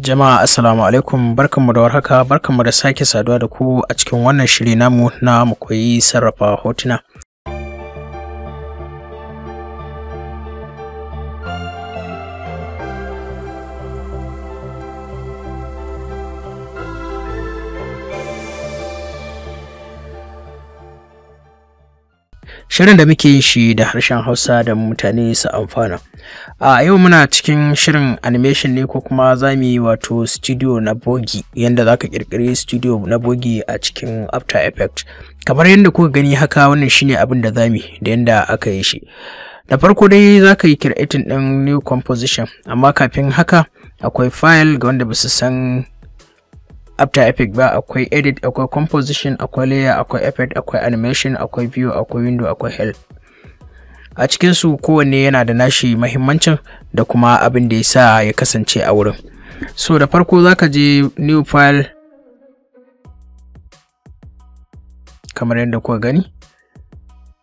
Jama'a assalamu alaikum barkanmu da warhaka barkanmu da sake saduwa da ku a cikin wannan shiri namu na mu koyi sarrafa hotuna. shirin da muke yi shi da harshen hausa da mutane su amfana a yau muna cikin shirin animation ne ko kuma za mu yi wato studio na bogi yadda za ka kirkiri studio na bogi a cikin after effect kamar yadda kuka gani haka wannan shine abin da za mu da yadda aka yi shi da farko dai za ka yi creating ɗin new composition amma kafin haka akwai file ga wanda ba su san after epic ba akwai edit akwai composition akwai layer akwai effect akwai animation akwai view akwai window akwai help a cikin su kowanne yana da nashi mahimmancin da kuma abin da ya sa ya kasance a wurin so da farko zaka je new file kamar yadda kuka gani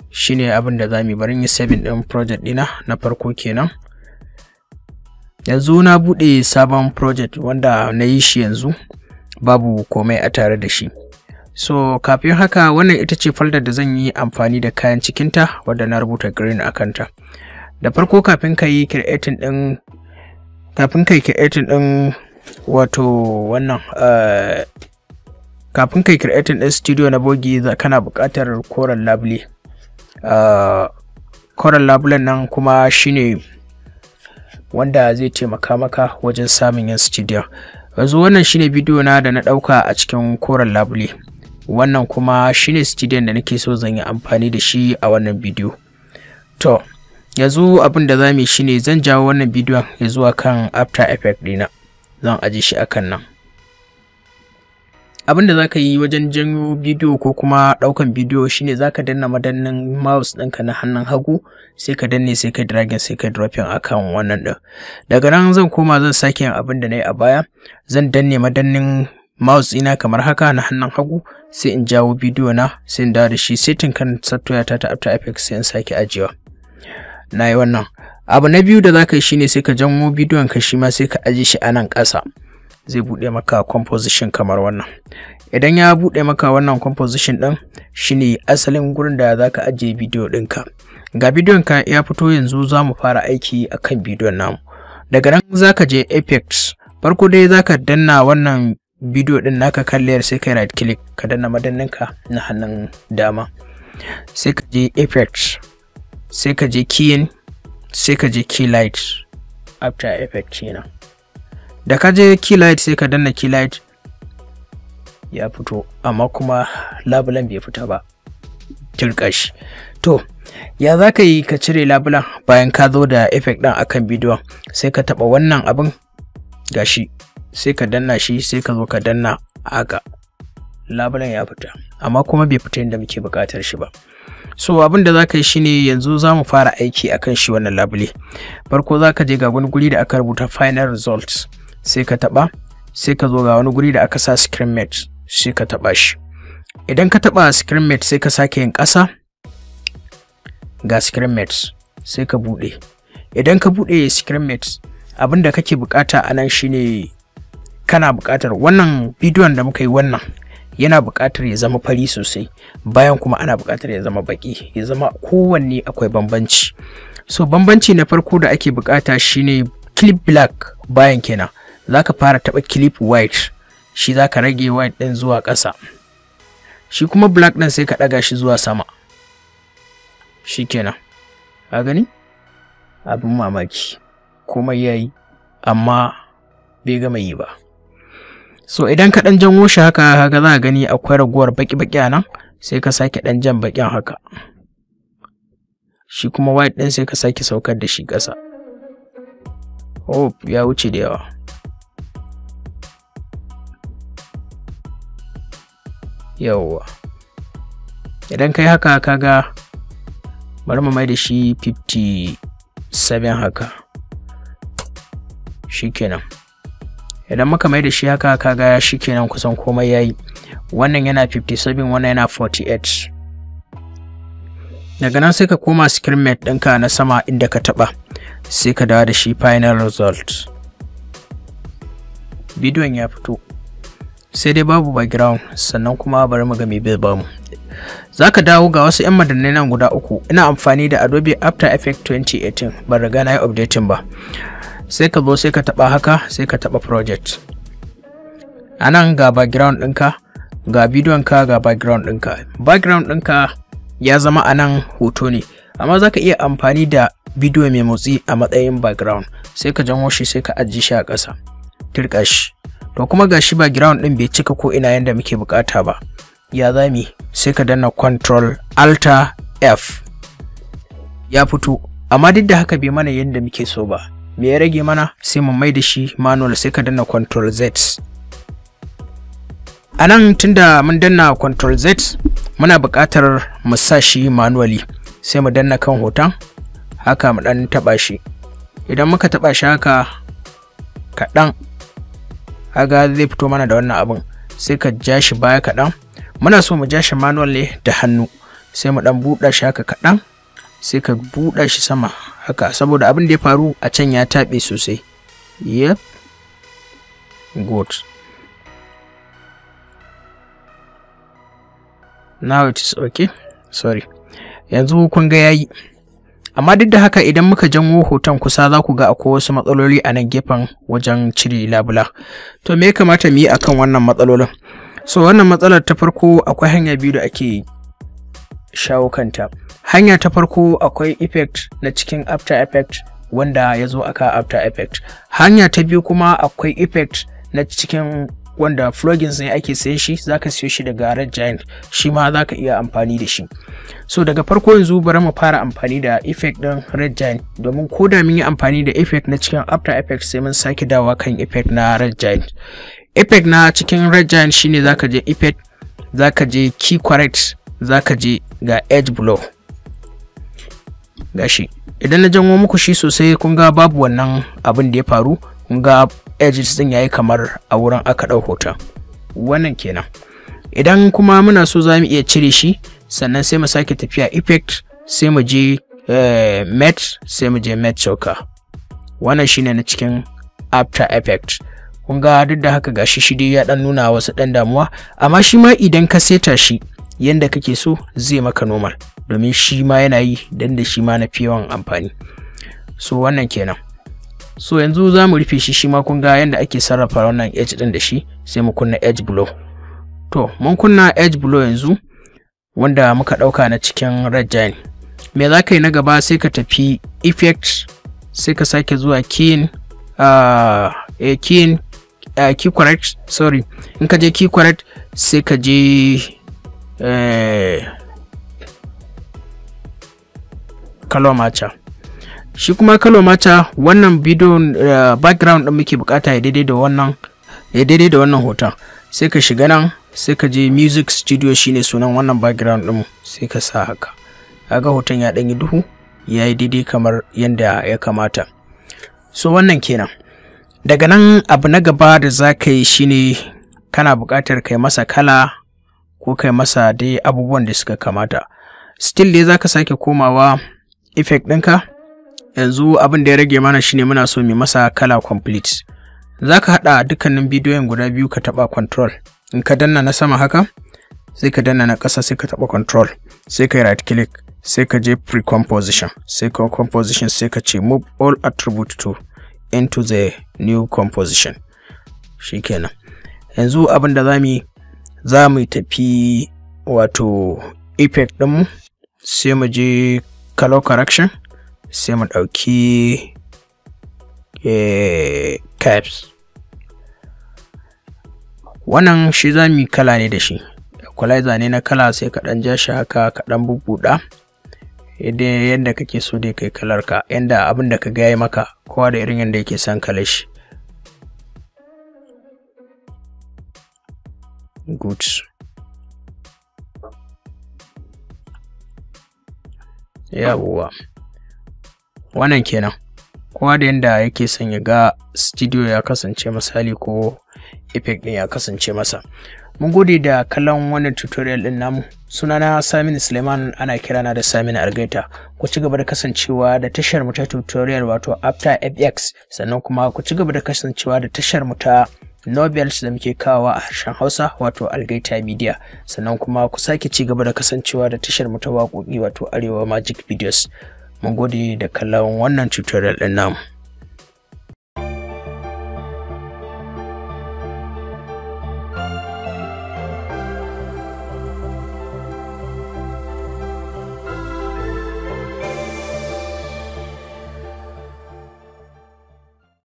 shine abin da za bari yi saving din project dina na farko kenan yanzu na bude sabon project wanda na yi shi yanzu babu komai a tare da shi so kafin haka wannan ita ce faldar da zan yi amfani da kayan cikinta wadda na rubuta green a kanta da farko kafin ka yi creating din kafin ka yi creating din wato wannan eh, kafin ka yi creating din studio na bogi kana buƙatar koren labule uh, nan kuma shine wanda zai taimaka maka wajen samun yin studio yanzu wannan shine bidiyo na da na ɗauka a cikin koren labule wannan kuma shine studio da nake so zan yi amfani da shi a wannan bidiyo to yanzu abin da za mu yi shine zan jawo wannan bidiyon ya zuwa kan after effect dina zan aje shi akan nan abinda za ka yi wajen janyo bidiyo ko kuma ɗaukan bidiyo shine za ka danna madannin mouse ɗinka na hannun hagu sai ka danne sai ka dragging sai ka dropping akan wannan ɗin daga nan zan koma zan sake yin abin da na yi a baya zan danne madannin mouse ina kamar haka na hannun hagu sai in jawo bidiyo na sai in dawo da shi setting kan software ta ta after effects sai in sake ajiyewa na yi wannan abu na biyu da za ka yi shine sai ka janwo bidiyon ka shi ma sai ka aje shi a nan ƙasa zai buɗe maka composition kamar wannan idan ya buɗe maka wannan composition ɗin shine asalin gurin da za ka ajiye bidiyo ɗinka ga bidiyon ka ya fito yanzu za mu fara aiki akan bidiyon namu daga nan za ka je Effects, farko dai za ka danna wannan bidiyo ɗin naka kalliyar sai kai right click ka danna madanninka na hannun dama sai ka je effects sai ka je keying sai ka je key light after effect kenan da ka je Key Light sai ka danna Key Light ya fito amma kuma labulan bai fita ba turka shi to ya za ka yi ka cire labulan bayan ka zo da effect ɗin akan bidiyon sai ka taɓa wannan abin gashi sai ka danna shi sai ka zo ka danna haka labulan ya fita amma kuma bai fita inda muke buƙatar shi ba so abin da za ka yi shine yanzu za mu fara aiki akan shi wannan labule farko za ka je ga wani guri da aka rubuta final results sai ka taɓa sai ka zo ga wani guri da aka sa screen mate sai ka taɓa shi idan ka taɓa screen mate sai ka sake yin ƙasa ga screen mates sai ka buɗe idan ka buɗe screen mates abin da kake bukata a nan shine kana bukatar wannan bidiyon da muka yi wannan yana bukatar ya zama fari sosai bayan kuma ana bukatar ya zama baki ya zama kowanne akwai bambanci so bambanci na farko da ake bukata shine clip black bayan kenan zaka fara taɓa clip white shi zaka rage white ɗin zuwa ƙasa shi kuma black ɗin sai ka ɗaga shi zuwa sama shi kenan a gani abin mamaki komai ya amma bai gama yi ba so idan ka ɗan janwo shi haka haka za ka gani akwai raguwar baki-baki a sai ka sake ɗan jan bakin haka shi kuma white ɗin sai ka sake saukar da shi ƙasa oh ya wuce da yawa yawwa idan kai haka kaga bari mu mai da shi 57 haka shikenan idan muka mai da shi haka kaga shikenan kusan komai yayi wannan yana 57 wannan yana 48 daga nan sai ka koma screen mate ɗinka na sama inda ka taɓa sai ka dawo da shi final result bidiyon ya fito sai dai babu background sannan kuma bari mu ga me bai bamu za ka dawo ga wasu 'yan madannai nan guda uku ina amfani da adobe after effects 2018 ban riga na yi updating ba sai ka zo sai ka taba haka sai ka taba project anan ga background ɗinka ga bidiyon ka ga background ɗinka background ɗinka ya zama anan hoto ne amma za ka iya amfani da bidiyo mai motsi a matsayin background sai ka janwo shi sai ka ajiye shi a ƙasa turka to kuma gashi ba ground din bai cika ko ina yanda muke bukata ba ya zami sai ka danna control alt f ya fito amma duk da haka bai mana yanda muke so ba me ya rage mana sai mu mai da shi manual sai ka danna control z a tunda mun danna control z muna buƙatar mu sa shi manually sai mu danna kan hoton haka mu dan taba shi idan muka taba shi haka kaɗan kaga zai fito mana da wannan abin sai ka ja shi baya kaɗan muna so mu ja shi manually da hannu sai mu ɗan buɗa shi haka kaɗan sai ka buɗa shi sama haka saboda abin da ya faru a can ya taɓe sosai yep good now it is okay sorry yanzu kun ga yayi amma duk da haka idan muka janwo hoton kusa za ku ga akwai wasu matsaloli a nan gefen wajen cire labula to me ya kamata mu yi a kan wannan matsalolin so wannan matsalar ta farko akwai hanya biyu da ake shawo kanta hanya ta farko akwai effect na cikin after effect wanda ya zo aka after effect hanya ta biyu kuma akwai effect na cikin wanda plugins ne ake sayan shi zaka siyo shi daga Red Giant shi ma zaka iya amfani da shi so daga farko yanzu bari mu fara amfani da effect din Red Giant domin ko da mun yi amfani da effect na cikin After Effects sai mun sake dawa kan effect na Red Giant effect na cikin Red Giant shine zaka je effect zaka je key correct zaka je ga edge blow gashi idan na janwo muku shi sosai kun ga babu wannan abin da ya faru kun ga edges din yayi kamar a wurin aka ɗau hoton wannan kenan idan kuma muna so za mu iya cire shi sannan sai mu sake tafiya effect sai mu je eh, met sai mu je match choker wannan shine na cikin after effect kun ga duk da haka gashi shi dai ya dan nuna wasu dan damuwa amma shi ma idan ka seta shi yanda kake so zai maka normal domin shi ma yana yi dan da shi ma na fi amfani so wannan kenan so yanzu za mu rufe shi shi ma kun ga yadda ake sarrafa wannan edge din da shi sai mu kunna edge blow to mun kunna edge blow yanzu wanda muka ɗauka na cikin red giant me za ka yi na gaba sai ka tafi effect sai ka sake zuwa keying uh, ah, eh, keen uh, ah, key correct sorry in ka je key correct sai ka je eh, color matcher shi kuma kalo mata wannan bidiyo bidiyon eh, background din muke bukata ya daidai da wannan ya daidai da wannan hoton sai ka shiga nan sai ka je music studio shine sunan wannan background din sai ka sa haka kaga hoton ya dan yi duhu ya yi daidai kamar yadda ya kamata so wannan kenan daga nan abu na gaba da za ka yi shine kana buƙatar kai masa kala ko kai masa dai abubuwan da suka kamata still dai za ka sake komawa effect ɗinka yanzu abin da ya rage mana shine muna so mai masa kala complete za ka haɗa dukkanin bidiyon guda biyu ka taba control in ka danna na sama haka sai ka danna na ƙasa sai ka taɓa control sai ka yi right click sai ka je pre-composition sai ka composition sai ka ce move all attribute to into the new composition shikenan yanzu abin da za mu tafi wato effect ɗinmu sai mu je color correction sai mu ɗauki caps. Eh, wannan shi za mu yi kala ne da shi equalizer ne na kala sai ka ɗan ja shi haka ka ɗan bubbuɗa eh, yadda kake so dai kai kalar ka yadda abin da ka gaya maka kowa da irin yadda yake son kalar shi good yawwa yeah, wannan kenan kowa da yadda yake son ya ga studio ya kasance misali ko effect ɗin ya kasance masa mun gode da kallon wannan tutorial ɗin namu sunana saminu suleiman ana kirana da saminu argaita ku ci gaba da kasancewa da tashar mu ta tutorial wato after fx sannan kuma ku ci gaba da kasancewa da tashar mu ta Nobels da muke kawa a harshen Hausa wato Algaita Media sannan kuma ku sake ci gaba da kasancewa da tashar mu ta waƙoƙi wato Arewa Magic Videos mu gode da kallon wannan tutorial ɗin namu